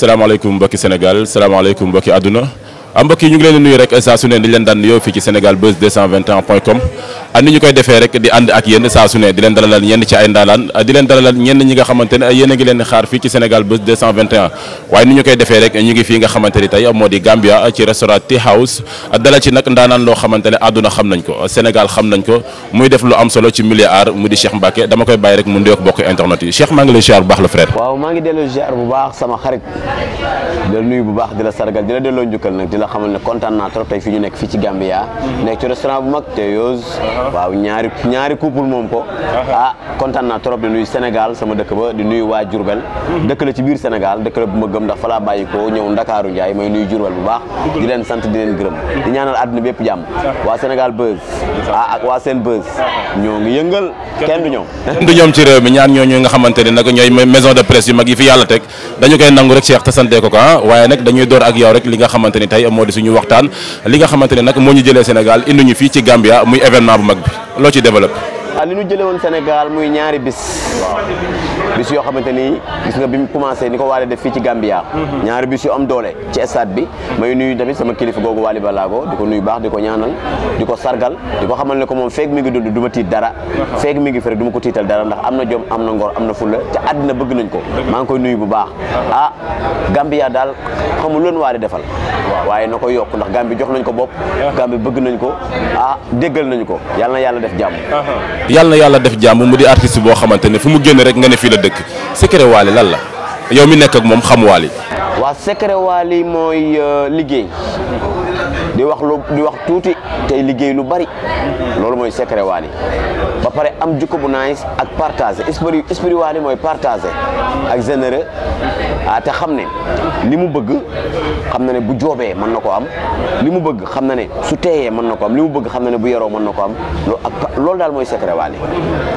salaamaaleykum mbokki Sénégal salaamaaleykum mbokki àdduna am ah, mbokk yi ñu ngi leen di nuyu rek saa su ne di leen daan nuyoo fii ci Sénégal Buzz 221 point com ah, ñu koy defee rek di ànd ak yéen saa su di leen dalalal ñenn ci ay ndaalaan ah, di leen dalalal ñenn ñi nga xamante ne ngi leen xaar fii ci Sénégal Buzz waaye ni ñu koy defee rek ñu ngi fii nga xamante tey moo di Gambia ci restaurant Tea House dalal ci nag ndaanaan loo xamante àdduna xam nañ ko Sénégal xam nañ ko muy def lu am solo ci milieu art mu di di la nuyu bu baax di la sargal di la delloo njukkal nag di la xamal ne kontaan naa trop tey fi ñu nekk fii ci Gambia mm-hmm. nekk ci restaurant bu mag te yoos uh-huh. waaw ñaari ñaari couple moom ko uh-huh. ah kontaan naa trop di nuyu Sénégal sama dëkk ba di nuyu waa Diourbel mm-hmm. dëkk la ci biir Sénégal dëkk bu ma gëm ndax fa laa bàyyi ko ñëw Ndakaaru Njaay may nuyu Diourbel bu baax di leen sant di leen gërëm mm-hmm. di ñaanal àdduna bépp jàmm uh-huh. waa Sénégal buzz ah waa seen buzz ñoo ngi yëngal kenn du ñoom kenn du ñoom ci réew mi yu mag fi yàlla teg dañu koy nangu rek waaye nag dañuy door ak yow rek li nga xamante ni tey moo di suñu waxtaan li nga xamante ni nag moo ñu jëlee Sénégal indi ñu fii ci Gambia muy événement bu mag bi loo ci développé. waaw ah, li ñu jëlee woon Sénégal muy ñaari bis. bis yoo xamante ni gis nga bi mu commencé ni ko waale def fii ci Gambia. Mhm. ñaari bis yu am doole ci stade bi. may nuyu tamit sama kilifa googu Waly Ballago di ko nuyu baax di ko ñaanal di ko sargal di ko xamal ne ko moom feeg mi ngi dund du ma tiit dara. feeg mi ngi fi rek du ko tiital dara ndax am na jom am na ngor am na fulla te àddina bëgg nañ ko. maa ngi koy nuyu bu baax. ah Gambia daal xamul loon Waly defal. waaye na ko yokk ndax Gambie jox nañ ko bopp. Gambie bëgg nañ ko ah déggal dëkk secret Wally lan la yow mi nekk ak moom xam Wally. waa secret Wally mooy euh, liggéey. di wax tey liggéey lu bari loolu mooy secret waali ba pare am jukko bu nice ak partager esprit esprit mooy partager ak généreux ah te xam ne li mu bëgg xam na ne bu joobee mën na ko am li mu bëgg xam na ne su teeyee mën na ko am li mu bëgg xam na ne bu yaroo mën na ko am loolu daal mooy secret waali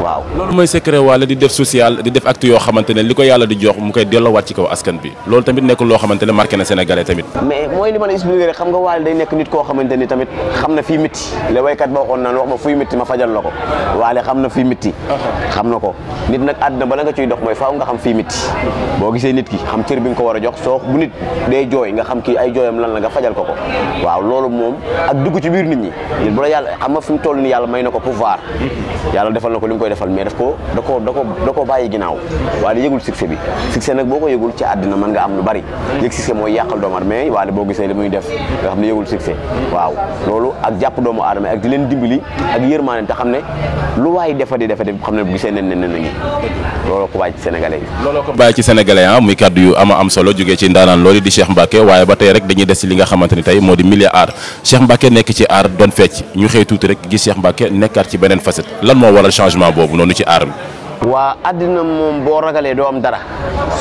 waaw. loolu mooy secret waali di def social di def acte yoo xamante ne li ko yàlla di jox mu koy delloowaat ci kaw askan bi loolu tamit nekk loo xamante ne marqué na sénégalais tamit. mais mooy li ma la rek xam nga waali day nekk nit koo xamante ni tamit xam na fii métti le waykat boo xoon naan wax ma fuy métti ma fajal na ko waale xam na fii métti xam na ko nit nag àddina bala nga ciy dox mooy faaw nga xam fii métti boo gisee nit ki xam cër bi nga ko war a jox soo bu nit day jooy nga xam kii ay jooyam lan la nga fajal ko ko waaw loolu moom ak dugg ci biir nit ñi nit bu la yàlla xam nga fi mu toll ni yàlla may na ko pouvoir yàlla defal na ko li mu koy defal mais daf ko da ko da ko da ko bàyyi ginnaaw waale yëgul succès bi succès nag boo ko yëgul ci àddina mën nga am lu bari yëg succès mooy yàqal doomar mais boo gisee li muy def nga waaw loolu ak jàpp doomu aadama ak di leen dimbali ak yërmaane te xam ne lu waay defati defati xam ne bu gisee nen ne ne nañu looloo ko bàyyi ci sénégalais yi looloo ko bàyyi ci sénégalais ah muy kadd yu ama am solo jógee ci ndaanaan loolu di Cheikh Mbacke waaye ba tey rek dañuy des ci li nga xamante ni tey moo di milieu art Cheikh Mbacke nekk ci art doon fecc ñu xëy tuuti rek gis seex Mbacke nekkaat ci beneen facette lan moo waral changement boobu noonu ci art bi waa àddina moom boo ragalee doo am dara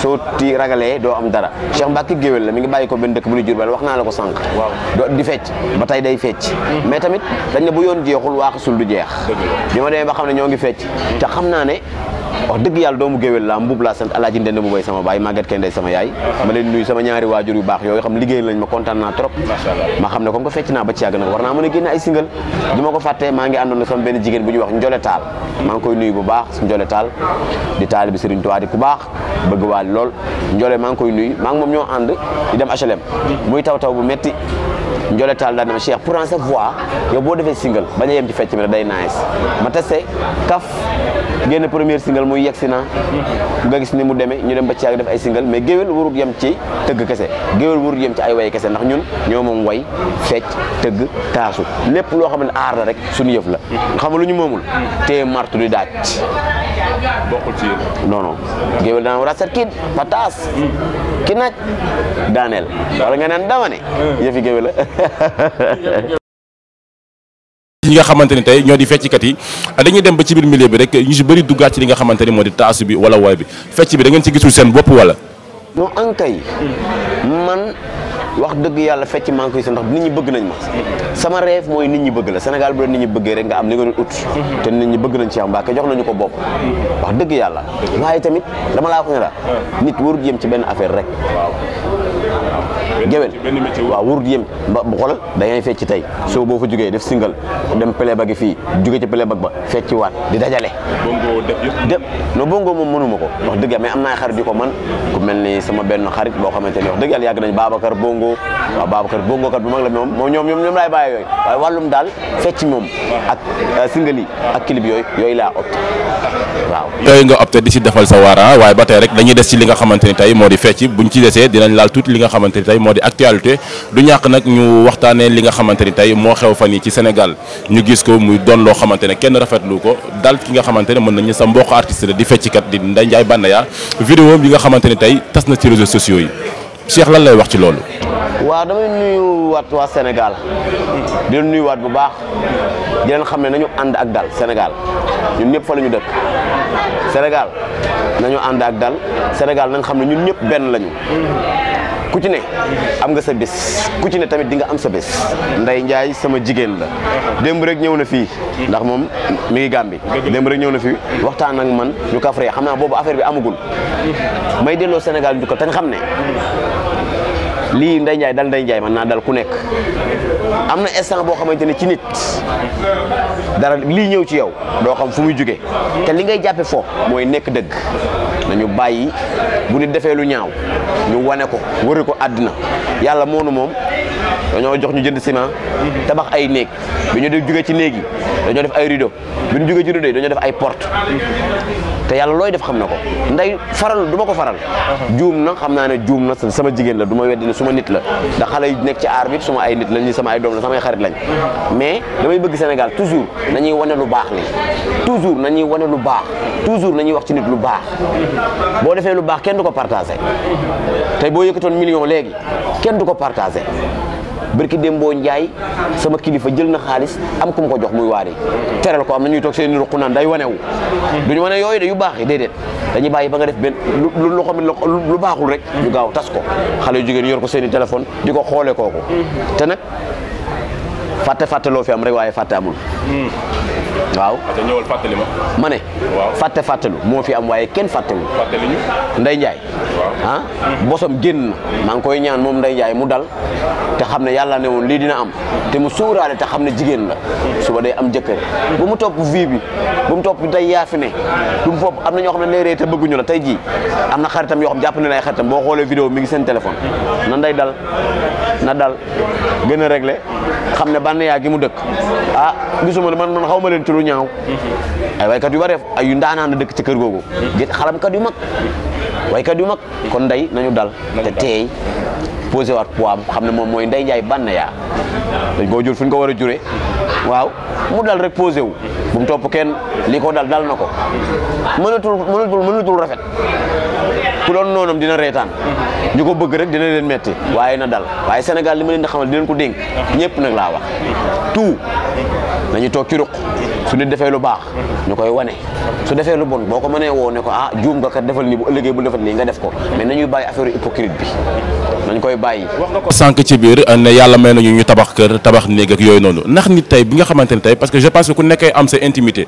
soo ti ragalee doo am dara Cheikh Mbacke géwél la mi ngi bàyyi ko benn dëkk bu ñu Jurbel wax naa la ko sànq do di fecc ba tey day fecc hmm. mais tamit dañ ne bu yoon jeexul waaxasul du jeex bi ma demee ba xam ne ñoo ngi fecc te xam naa ne wax dëgg yàlla doomu géwél laa mbuub laa sant alaaji ndend bu bay sama baay Maguette Kende sama yaay ma leen nuyu sama ñaari waajur yu baax yooyu xam liggéey lañ ma kontaan trop ma xam ne comme que fecc naa ba ci yàgg nag war naa mën a génne ay single du ma ko fàtte maa ngi àndoon sama benn jigéen bu ñuy wax Njole Taal maa ngi koy nuyu bu baax Njole Taal di taal bi Serigne baax bëgg waal lool Njole maa ngi koy nuyu maa ngi moom ñoo ànd di dem HLM muy taw taw bu metti Ndiolé Tall daal ne ma Cheikh pourtant sa voix yow boo defee single bañ a ci fecc mi rek day nice ma testé kaf génn premier single muy yegsi na nga gis ni mu demee ñu dem ba ci yàgg def ay single mais géwél warut yem ci tëgg kese géwél warut yem ci ay way kese ndax ñun ñoo moom way fecc tëgg taasu lépp loo xam ne aar na rek suñu yëf la xam lu ñu moomul te martu di daaj bokkul ci géwél daan war a set kiid ki nag daaneel wala nga naan dama ne yëfi géwe la ñi nga xamante ni tey ñoo di fecckat yi dañuy dem ba ci biir milieu bi rek ñu si bëri duggaat ci li nga xamante ni moo di taas bi wala waay bi fecc bi da ci gisul seen bopp wala non ankay man wax dëgg yàlla fecc maa ngi koy sonn ñi bëgg nañ sama rêve mooy nit ñi bëgg la Sénégal bu la nit ñi bëggee rek nga am ni nga doon ut te nit ñi bëgg nañ ci am Mbacké jox nañu ko bopp wax dëgg yàlla waaye tamit dama laa ko ne la nit warul yem ci benn affaire rek géwél waaw wurut yem ba bu xoolal da ngay fecc tey soo boo fa jógee def single dem playback gi fii jóge ci playback ba fecci waat di dajale def non bongo moom mënuma ko wax dëgg mais am naa xarit yu ko man ku mel ni sama benn xarit boo xamante ni wax dëgg yàlla yàgg nañ Babacar bongo waaw Babacar bongo kat bu la moom moom ñoom ñoom ñoom laay bàyyi yooyu waaye wàllum daal fecc moom ak euh, single yi ak clip yooyu yooyu laa opté waaw yooyu nga opté di si defal sa waara waaye ba tey rek dañuy des ci li nga xamante ni tey moo di fecc buñ ci desee dinañ laal tuuti moo di actualité du ñàkk nag ñu waxtaanee li nga xamante ni tey moo xew fan yi ci Sénégal ñu gis ko muy doon loo xamante ne kenn rafetlu ko dal ki nga xamante ne mën nañu sa mbokk artiste la di fecckat di Ndeye Ndiaye Banaya vidéo bi nga xamante ni tey tas na ci réseaux sociaux yi Cheikh lan lay wax ci loolu. waa damay nuyu waat waa Sénégal di leen waat bu baax di xam ne nañu ànd ak dal Sénégal ñun ñëpp fa la ñu dëkk Sénégal nañu ànd ak dal Sénégal nañ xam ne ñun lañu. ku ne am nga sa bés ku ne tamit di nga am sa bés Ndeye sama jigéen la démb rek ñëw na fii ndax moom mi ngi Gàmbi démb rek ñëw na fii waxtaan ak man ñu kafree xam naa boobu affaire bi amagul may delloo Sénégal njukkal te nga xam ne lii Ndeye Ndiaye dal Ndeye Ndiaye man naa dal ku nekk am na instant boo xamante ne ci nit dara lii ñëw ci yow doo xam fu muy jóge te li ngay jàppe fo mooy nekk dëgg nañu bàyyi bu ñu defee lu ñaaw ñu wane ko wëri ko àddina yàlla moonu moom dañoo jox ñu jënd ciment tabax ay néeg bi ñu jugee ci néeg yi dañoo def ay rideau bi ñu jugee ci rideau yi dañoo def ay porte te yàlla looy def xam na ko nday faral duma ko faral juum na xam naa ne juum na sama jigéen la du ma weddi nit la da xale nekk ci aar bi su ay nit la ñi sama ay doom la samay xarit lañ mais damay bëgg Sénégal toujours nañuy wane lu baax li toujours nañuy wane lu baax toujours nañuy wax ci nit lu baax boo defee lu baax kenn du ko partagé te boo yëkkatoon million léegi kenn du ko partagé barki Dembo Ndiaye sama kilifa jël na xaalis am ku ma ko jox muy waari tereel ko am na ñuy toog seen ruq naan day wane wanewu duñu wane yooyu de yu baax yi déedéet dañuy bàyyi ba nga def benn lu loo xam ne lu baaxul rek ñu gaaw tas ko xale yu jigéen yor ko seen i téléphone di ko xoole kooku te nag fàtte fàtte loo fi am rek waaye fàtte amul. Hmm. waaw. parce que ñëwal fàttali ma. ne. waaw fàtte fàttalu moo fi am waaye kenn fàttewul. fàttali ñu. Ndeye Ndiaye. waaw ah. Hmm. bosom génn na. maa ngi koy ñaan moom Ndeye Ndiaye mu dal te xam ne yàlla ne woon lii dina am te mu suuraale te xam ne jigéen la hmm. suba day am jëkkër bu mu topp vie bi bu mu topp day yaafi ne du mu am na ñoo xam ne lay ree bëgguñu la tey jii am na xaritam yoo xam jàpp ne lay xaritam boo xoolee vidéo mi ngi seen téléphone na nday dal na dal gën a réglé xam ne Banaya gi mu dëkk ah gisuma ne man man xaw ma leen ci lu ñaaw ay waykat yu bare ay yu na dëkk ci kër googu gis xalamkat yu mag waykat yu mag kon ndey nañu dal te teey posé waat poids am xam ne moom mooy nday jaay Banaya dañ koo jur fu ñu ko war a jure waaw mu dal rek posé wu bu mu topp kenn li ko dal dal na ko mënatul mënatul loolu doon noonam dina reetaan mhm. ñu ko bëgg rek dina leen metti waaye na dal waaye Sénégal li ma leen di xamal di ko dénk mhm. ñëpp nag laa mhm. tout nañu toog ci ruq su defee lu baax ñu koy wane su defee boo ko mënee woo ne ko ah, nga kat defal nii bu ëllëgee bu defal def ko mais ñu bàyyi affaire hypocrite bi nañ koy bàyyi. wax nga ko sànq ci biir euh, ne yàlla may nañu ñu tabax tabax néeg ak yooyu noonu ndax nit tey bi nga xamante ne tey parce que je pense que ku nekkee am sa intimité.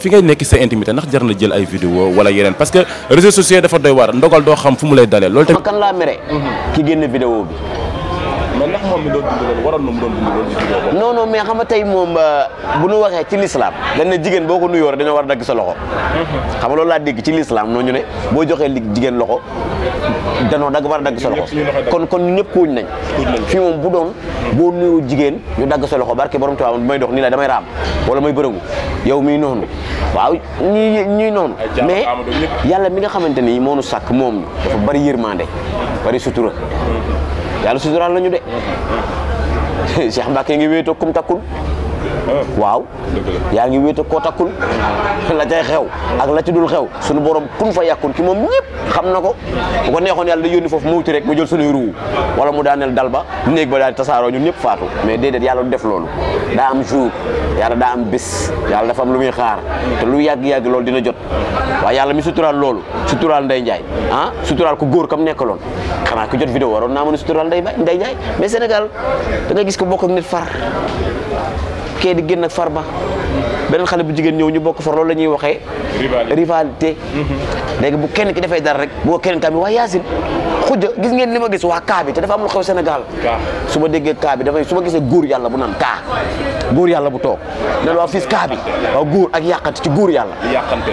fi ngay nekk sa intimité ndax jar na jël ay vidéo wala yeneen parce que réseaux sociaux dafa doy waar ndogal doo xam fu mu lay dalee loolu tamit kan laa mere mhm. ki génn vidéo bi mais ndax moom mi doon dund loolu waroon na mais xam nga tey moom euh, bu nu waxee ci lislaam dañ ne jigéen boo ko nuyoo rek dañoo war a dagg sa loxo mhm. xam nga loolu laa dégg ci lislaam noonu ñu ne boo joxee li jigéen loxo danoo dagg war dagg sa loxo kon kon ñu ñëpp kuuñ nañ fii moom bu doon boo nuyoo jigéen ñu dagg sa loxo barke borom tubaab may dox nii la damay raam wala may bërëngu yow miy noonu waaw ñi ñuy noonu mais yàlla mi nga xamante ni moo nu sàkk moom dafa bari yërmande bari sutura mhm. yàlla suturaal nañu de mm-hmm. Cheikh Mbacke ngi wéetoo kum takkul waaw yaa ngi wéete koo takkul la cay xew ak la dul xew sunu borom kun fa yàkkun ki moom ñëpp xam na ko bu ko neexoon yàlla da yónni foofu mawti rek mu jël suñuy ru wala mu daaneel dal ba néeg ba daal tasaaroo ñun ñëpp faatu mais déedéet yàlla du def loolu daa am jour yàlla daa am bis yàlla dafa am lu muy xaar te lu yàgg-yàgg loolu dina jot waaye yàlla mi suturaal loolu suturaal Ndeye Ndiaye ah suturaal ko góor kam nekkaloon xanaa ku jot vidéo waroon naa mën a suturaal Ndeye Ndiaye mais Sénégal da gis ko bokk ak kee di génn ak Farba beneen xale bu jigéen ñëw ñu bokk for loolu la ñuy waxee rivalité mm-hmm. léegi bu kenn ki defee dara rek bu ko kenn kaa bi waa Yacine xujja gis ngeen ni ma gis waa kaa bi te dafa am lu xew Sénégal su ma déggee kaa bi dafay su ma gisee góor yàlla bu naan kaa góor yàlla bu toog nan waa fils kaa góor ak yàqante ci góor yàlla yàqante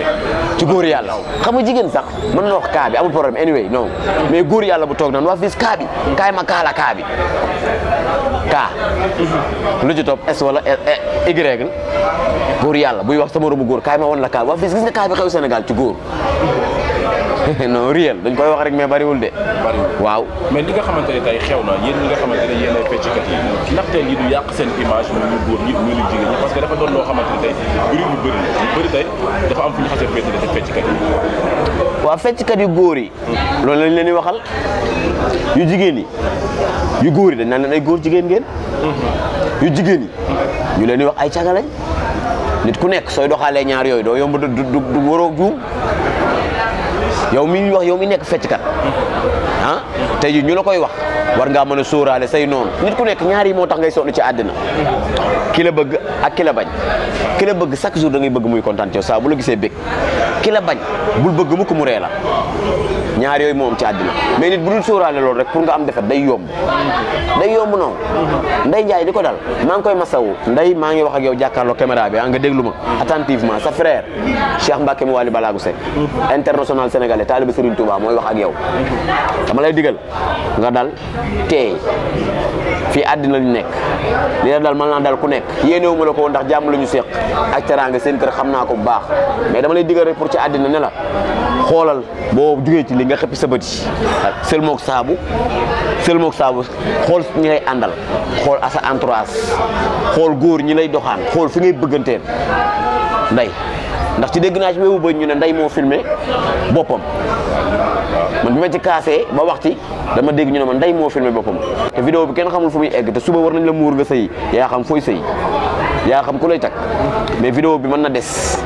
ci góor yàlla xam nga jigéen sax mën na wax kaa bi amul problème anyway non mais góor yàlla bu toog naan waa kaa bi ma kaa la kaa bi kaa mm-hmm. lu ci topp S wala eh, eh, góor yàlla buy wax sama moromu góor kaay ma woon la kaay waa fii gis nga kaay bi xew Sénégal ci góor non réel dañ koy wax rek mais bariwul de. bariwul waaw. mais li nga xamante ne tey xew na yéen ñi nga xamante ne yéen ay feccikat yi ndaxte lii du yàq seen image ñun ñu góor ñi loo xamante ne dafa am fu ñu xasee féetee yu góor yi. lañ leen di waxal yu jigéen yi yu góor yi dañ naan leen ay góor jigéen ngeen. Mhm. yu jigéen yi. ñu di wax ay cagalañ. nit ku nekk sooy doxalee ñaar yooyu doo yomb du du du waroo juum yow mi wax yow mi nekk fecckat ah ñu la koy wax war ngaa mën a say noon nit ku nekk ñaari yi moo tax ngay sonn ci àddina ki la bëgg ak ki la bañ ki la bëgg chaque jour da ngay bëgg muy kontaan ci yow saa bu la gisee bëgg ki la bañ bul bëgg mu ko mu ree la ñaar yooyu moom ci àddina mais nit bu dul sóoraale loolu rek pour nga am defet day yomb day yomb noonu nday njaay ni ko dal maa ngi koy masawu nday maa ngi wax ak yow jàkkaarloo caméra bi a ah, nga déglu ma attentivement sa frère Cheikh Mbacke mu Wali Balago Seck international sénégalais taaliba Serigne Touba mooy wax ak yow dama lay digal teey fii àddina lu nekk li la dal mën naa dal ku nekk yéenewuma la ko ndax jàmm la ñu seq ak teraanga seen kër xam naa ko bu baax mais dama lay digal pour ci àddina ne la xoolal boo jugee ci li nga xëppi sa bët yi mook saabu sël saabu xool ñi lay àndal xool assa entourage xool góor ñi lay doxaan xool fi ngay bëgganteel nday ndax ci dégg naa ci weewu bëñ ñu ne nday moo filmé boppam man bi ma ci kaase ba wax ci dama dégg ñu ne ma nday moo filmé boppam te vidéo bi kenn xamul fu muy egg te suba war na nañ la muur nga sëy yaa xam fooy sëy yaa xam ku lay takk mais vidéo bi mën na des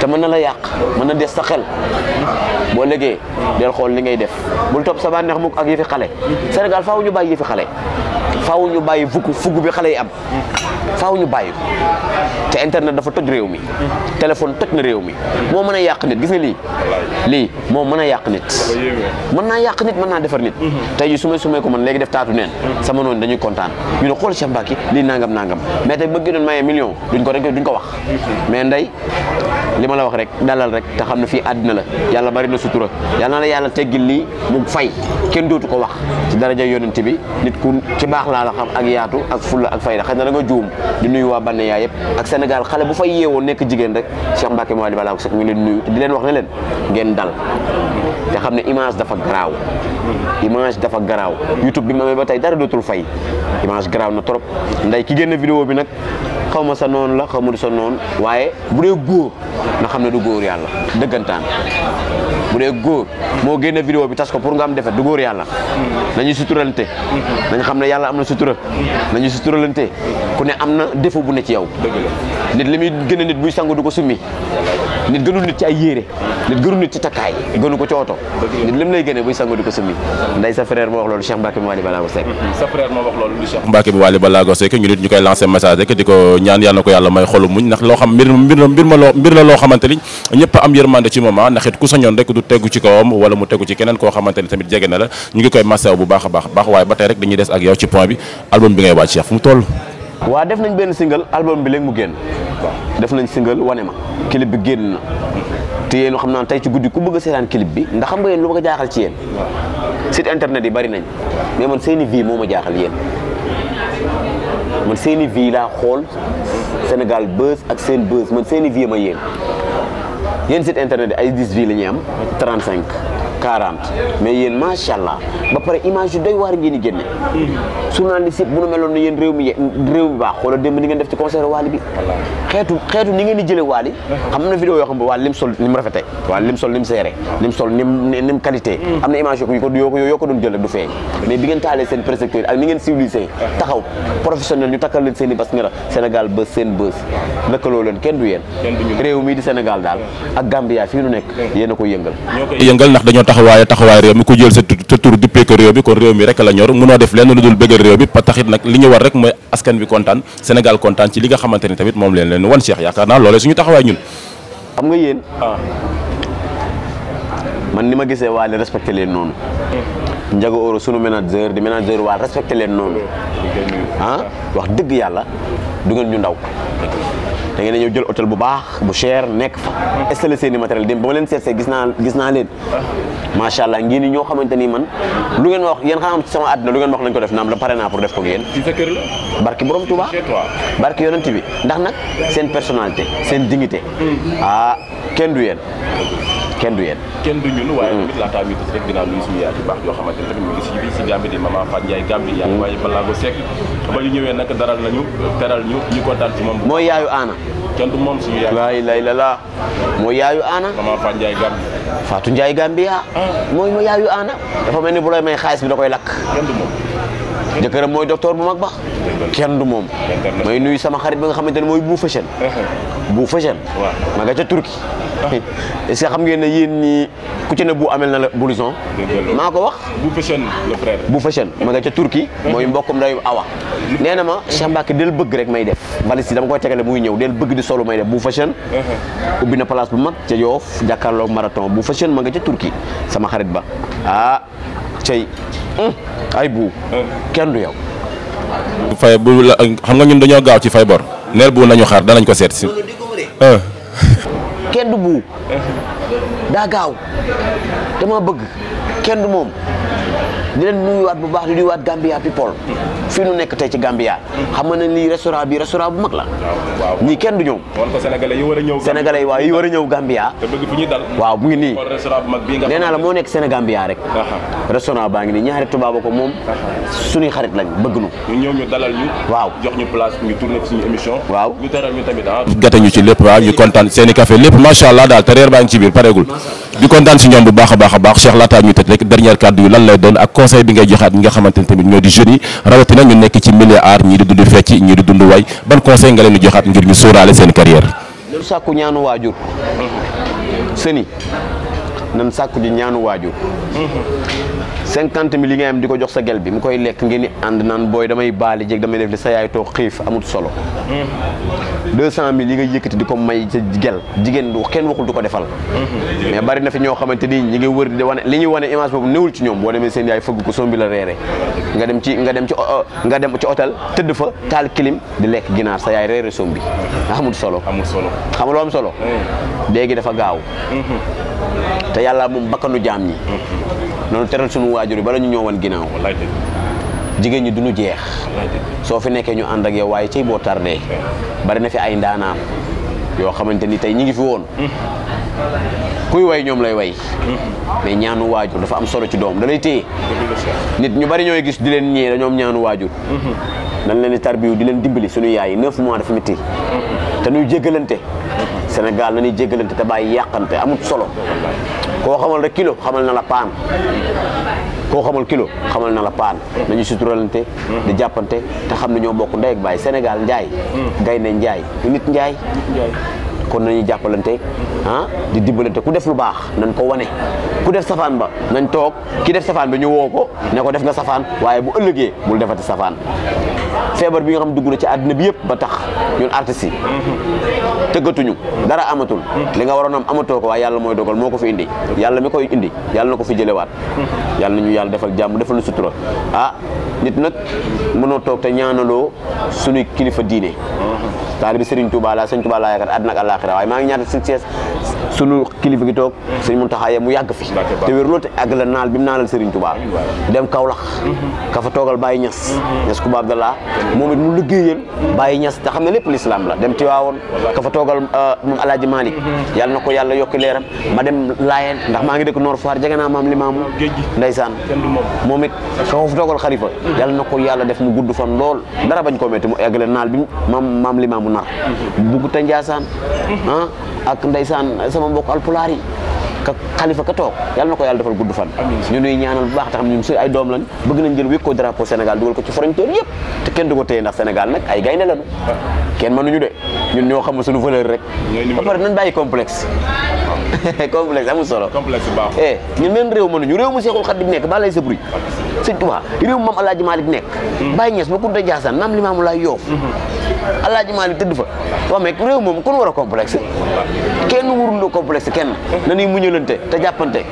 te mën na la yàq mën na des sa xel boo leggee del xool li ngay def bul topp sa bànneex mukk ak yëfi xale Sénégal faaw ñu bàyyi yëfi xale faaw ñu bàyyi fukk fukk bi xale yi am faaw ñu bàyyi te internet dafa toj réew mi téléphone toj na réew mi moo mën a yàq nit gis nga li lii moo mën a yàq nit mën naa yàq nit mën naa defar nit tey ji su may su may ko man léegi def taatu neen sama noonu dañuy kontaan ñu ne xool Cheikh Mbacké lii nangam nangam mais tey bëgg ma maye million duñ ko rek duñ ko wax mais ndey li ma la wax rek dalal rek te xam ne fii àddina la yàlla bari na sutura yàlla na la yàlla teggil lii mu fay kenn dootu ko wax ci daraja yonent bi nit ku ci baax laa la xam ak yaatu ak fulla ak fayda xëy na da nga juum di nuyu wa banne yaay yëpp ak Sénégal xale bu fay yeewoo nekk jigéen rek Cheikh Mbacke Mawal di balaa ko sax ñu leen nuyu di leen wax ne leen ngeen dal te xam ne image dafa garaaw image dafa garaaw YouTube bi ma amee ba tey dara dootul fay image garaaw na trop nday ki génn vidéo bi nag xaw ma sa noon la xaw du sa noon waaye bu dee góor na xam ne du góor yàlla dëggantaan bu dee góor moo génne vidéo bi tas ko pour nga am defet du góor yàlla nañu suturalante nañ xam ne yàlla am na sutura nañu suturalante ku ne am na défaut bu ne ci yow nit li muy gën a nit buy sangu du ko summi nit gënul nit ci ay yére nit gënul nit ci takkaay gënu ko ci oto nit lim lay gënee buy sangu di ko sëmmi nday sa frère moo wax loolu Cheikh Mbacke bi Waly Balago Seck mm-hmm. sa frère moo wax loolu lu Cheikh ñu nit ñu koy lancé message rek di ko ñaan yàlla ko yàlla may xolu muñ ndax loo xam mbir mbir ma loo mbir la loo xamante ni ñëpp am yërmande ndax it ku sañoon rek du tegu ci kawam wala mu tegu ci keneen koo xamante ni tamit jege na la ñu ngi koy massaw bu a baax baax waaye ba tey waa def nañ benn single album bi leen mu génn def nañ single wane ma clip bi génn na te yéen xam naa tey ci guddi ku bëgg a seetaan clip bi ndax xam nga yéen lu ma ko jaaxal ci yéen site internet yi bari nañ mais man seeni vie moo ma jaaxal yéen man seeni vie laa xool Sénégal buzz ak seen buzz man seeni vie ma yéen yéen site internet yi ay 10 vie lañuy am am 35 quarante mais yéen macha allah ba pare image yu doy waar ngeen di génne. journaliste yëpp bu meloon ne yéen mi réew mi baax xoolal démb ni concert waali bi. xeetu xeetu ni waali. xam na vidéo yoo xam ne waa lim sol waa lim sol seere. lim sol ni mu am na image yoo ko doon jëlee du feeñ. mais bi ngeen taalee seen projecteur ak ni ngeen civilisé. taxaw professionnel ñu takkal leen seen du yéen. réew mi di Sénégal daal ak Gambia fii nu nekk yéen a taxawaayu taxawaay réew mi ko jël sa sa tur duppee ko réew mi kon réew mi rek la ñor mënoo def lenn lu dul bëggal réew mi ba nag li ñu war rek mooy askan bi kontaan Sénégal kontaan ci li nga xamante ni tamit moom leen leen wan Cheikh yaakaar naa loolee suñu taxawaay ñun xam nga yeen ah. man ni ma gisee waa waale respecté leen noonu Ndiago Oro sunu manager di manager waal respecté leen noonu ah wax dëgg yàlla du ngeen ñu ndaw da ngeen ñëw jël hôtel bu baax bu cher nekk fa seeni seen i matériel ba ma leen seet see gis naa gis naa leen macha allah ngeen ni ñoo xamante ni man lu ngeen wax yéen am sama àddina lu ngeen wax nañ ko def naam la pare naa pour def ko yéen ci sa kër la barki borom Touba barki yonent bi ndax nag seen personnalité seen dignité hmm. ah kenn du yéen kenn du kenn du ñun waaye mm. tamit laataa ñu tas rek dinaa nuyu ne tamit mu ngi si bi si Gambie di maman Fatou Ndiaye Gambie mm. yaay waaye Balago Seck ba ñu ñëwee nag yaayu aana kenn du la laa mooy yaayu aana maman Fatou Ndiaye Gambie Fatou Ndiaye Gambie yaa ah. ah. mooy mooy yaayu aana dafa mel ni bu lay may xaalis bi da koy lakk kenn du moom jëkkëram mooy docteur bu mag ba kenn du moom may nuyu sama xarit bi nga xamante ne mooy bu fashion bu fashion ma nga ca est-ce que xam ngeen ne yéen ñii ku ci ne bu amel na la blouson maa ko wax bu fashion le ma nga ca turki mooy mhm. mbokkum ndayu awa nee na ma Cheikh Mbacke del bëgg rek may def valise yi dama koy tegale muy ñëw del bëgg di solu may def bu fashion mhm. ubbi na place bu mag ca Yoof jàkkaarloog marathon bu fashion ma nga ca Turquie sama xarit ba ah cey ay bu mhm. kenn du yow fay bu la xam nga ñun dañoo gaaw ci fay bor neel bu nañu xaar danañ ko seet si kenn du buu uh-huh. daa gaaw dama bëgg kenn du moom di leen nuyuwaat bu baax di nuyuwaat Gambia people fii nu nekk tey ci Gambia xam nga ne lii restaurant bi restaurant bu mag la ñii kenn du ñëw sénégalais yi war a ñëw sénégalais yi waaw yi war a te bëgg fu ñuy dal waaw mu ngi nii nee naa la moo nekk Sénégambia rek restaurant baa ngi nii ñaari tubaab ko moom suñuy xarit lañ bëgg nu ñu ñëw ñu dalal ñu waaw gata ah. ñu ci lépp waaw ñu kontaan seeni café lépp macha allah daal te reer baa ngi ci biir pareegul di kontaan si ñoom bu a a baax Cheikh laata ñu tëj conseil bi ngay joxaat ñi nga xamante ne tamit ñoo di jeunes yi rawatina ñu nekk ci milieu art ñii di dund fecc ñii di dund way ban conseil nga leen di joxaat ngir ñu sóoraale seen carrière. loolu sàkku ñaanu waajur sëni nan sàkku ji ñaanu waajur cinquante mille yi nga am di ko jox sa gel bi mu koy lekk ngeen ni ànd naan booy damay baali jéeg damay def li sa yaay toog xiif amut solo deux cent mille yi nga yëkkati di ko may sa gel jigéen du kenn waxul du ko defal mais bari na ñoo xamante ni ñi ngi wër di wane li ñuy wane image boobu néewul ci ñoom boo demee seen yaay fëgg ko sombi la reere nga dem ci nga dem ci nga dem ci hôtel tëdd fa taal kilim di lekk ginaar sa yaay reere sombi amut solo amul solo xam nga am solo mm. léegi dafa gaaw mm-hmm. te yàlla moom bakkanu jaam ñi noonu teral suñu waajur yi bala ñu ñoo wan ginnaaw jigéen ñi duñu jeex soo fi nekkee ñu ànd ak waaye ci boo tardé bari na fi ay ndaanaan yoo xamante ni tey ñi ngi fi woon kuy ñoom lay way mais ñaanu waajur dafa am solo ci doom da lay nit ñu bari ñooy gis di leen ñee dañoo ñaanu waajur dañ leen di di leen dimbali suñu yaay yi neuf mois dafa métti te ñuy jéggalante senegal na ñuy te bàyyi yàqante amul solo koo xamal rek kilo xamal na la paan koo xamal kilo xamal na la paan nañu suturalante di jàppante te xam ne ñoo bokk ndey ak baay Sénégal njaay gaynde njaay nit njaay kon nañu jàppalante ah di dimbalante ku def lu baax nañ ko wane ku def safaan ba nañ toog ki def safaan bi ñu woo ko ne ko def nga safaan waaye bu ëllëgee bul defati safaan feebar bi nga xam dugg na ci àddina bi yëpp ba tax ñun artistes yi tëggatuñu dara amatul li nga waroon am amatoo ko waaye yàlla mooy dogal moo ko fi indi yàlla mi koy indi yàlla na ko fi jëlewaat yàlla ñu yàlla defal jàmm defal nu sutura a ah nit nag mënoo toog te ñaanaloo suñuy kilifa diine mm-hmm. taalibi Serigne Touba la Serigne Touba laa yaakaar àddina ak àllaaxira waaye maa ngi ñaata sunu kilifa gi toog sëñ Muntaxa ya mu yàgg fi te wér lool te àgg la naal bi mu naalal Serigne Touba dem Kaolack mm-hmm. ka fa toogal Baye Niass mm-hmm. Niass Kouba Abdallah moom it mu liggéeyal Baye Niass te xam ne lépp l'islam la dem Tiwaawoon ka fa toogal euh, moom Alaaji Malick mm-hmm. yàlla na ko yàlla yokki leeram ma dem Laayeen ndax maa ngi dëkk Nord Foire jege naa maam Limaamu ndeysaan moo it ka fa toogal xalifa yàlla na ko yàlla def mu gudd fan lool dara bañ ko metti mu àgg naal bi maam maam Limaamu nar boo mbokk alpulaar yi ka xalifa ka toog yàlla na ko yàlla defal gudd fan ñu nuy ñaanal bu baax te xam ñun suñu ay doom lañ bëgg nañ jël wékk ko drapeau Sénégal dugal ko ci frontière yëpp te kenn du ko téye ndax Sénégal nag ay gaynde lañu kenn mënuñu de ñun ñoo xamul suñu valeur rek ba pare nañ bàyyi complexe complexe amul solo complexe baax eh ñun même réew mënuñu réew mu Seexul Xadiim nekk ba lay sa sëñ Tuubaa réew moom Alaaji Maalik nekk mm-hmm. Baay Ñas ba Kunta Jaasaan maam Limaamu Laay Yoof mm-hmm. Alaaji Maalik tëdd fa waaw mais réew moom kon war a complexe kenn wurul lu complexe kenn mm-hmm. nañuy muñalante te jàppante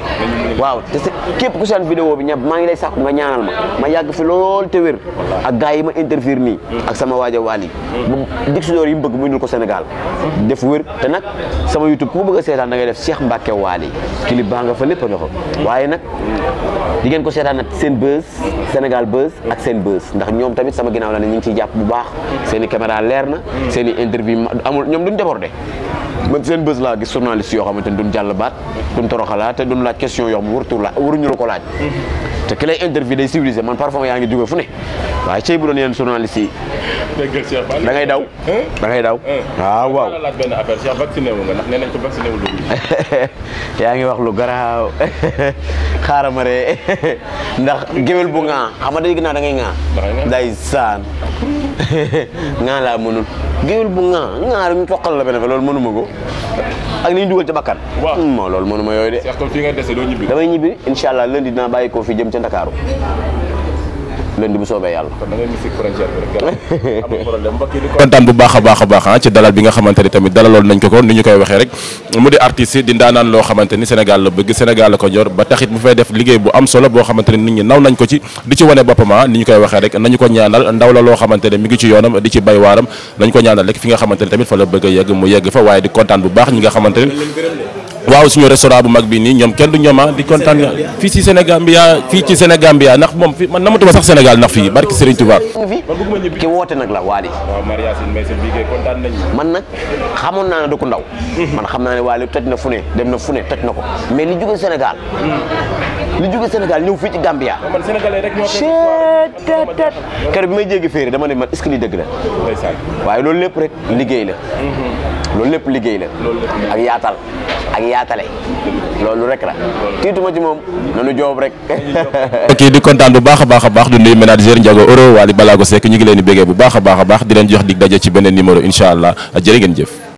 waaw te képp ku seen vidéo bi ñëpp maa ngi lay sàkku nga ñaanal ma ma yàgg fi lool te wér a gars yi ma interview nii ak sama waaja Waly dictionnaire yi mu bëgg mu ko Sénégal def wér te nag sama YouTube ku bëgg a seetaan da ngay def Cheikh Mbacke Waly clip baa nga a buzz Sénégal buzz ak seen buzz ndax ñoom tamit sama ginnaaw la ne ñu ngi ciy jàpp bu baax seen i caméra leer na seen i interview amul ñoom duñ débordé man seen buzz laa gis journaliste yoo xamante ne duñ jàll baat duñ toroxalaat te duñ laaj question yoo xam warutu la waruñu la ko laaj te ki lay interview day civilisé man parfois yaa ngi jóge fu waa waaye cey bu doon yéen journaliste yi. daw da ngay daw. Ah, waaw waaw laaj benn affaire Cheikh vacciné wu nga wu yaa ngi wax lu garaaw xaaral ma ndax géwél bu ngaa xam nga dégg naa da ngay ngaa. day saan ngaa laa mënul géwél bu ngaa ngaa rek ñu toqal la benn fa loolu mënuma ko. ak li ñu dugal ca bakkan moo hmm, loolu mënuma yooyu de damay ñibbi incha allah lundi dinaa bàyyi ko fi jëm ca lundi bu soobee yàlla. baax a baax a baax ah, ci dalal bi nga xamante tamit dalaloon nañ ko ko ni ñu koy waxee rek mu di artiste di ndaanaan loo xamante ni Sénégal la bëgg Sénégal la ko ñor ba taxit mu fay def liggéey bu am solo boo xamante ni nit ñi naw nañ ko ci di ci wane boppam ah, ni ñu koy waxee rek nañu ko ñaanal ndaw la loo xamante ne mi ngi ci yoonam di ci bay waaram nañ ko ñaanal rek fi nga xamante ni tamit fa la bëgg a yegg mu yegg fa waaye di waaw su suñu restaurant bu mag bi nii ñoom kenn du ñooma ah di kontaan nga fii ci Sénégambia fii ci Sénégambia ndax moom fii man na sax Sénégal ndax fii barki Serigne Touba. ki woote nag la Waly. waaw Maria Sine Mbaye seen man nag xamoon naa na du ko ndaw. Mhm. man xam naa ne Waly toj na fu ne dem na fu ne toj na ko mais li jóge senegal mhm. li jóge Sénégal ñëw fii ci Gambia. man Sénégalais rek ñoo bi may jéggi féere dama ne man est-ce que dëgg la. waaye loolu lépp rek liggéey la. Mhm. loolu lépp liggéey la ak yaatal ak yaatale loolu rek la tiituma ci moom nanu joob rek kii di kontaan bu baax a baax a baax du nuyu manager Ndiago Euro Wally Balago Seck ñu ngi leen di bu baax a baax a baax di leen jox dig daje ci beneen numéro incha allah jërë ngeen jëf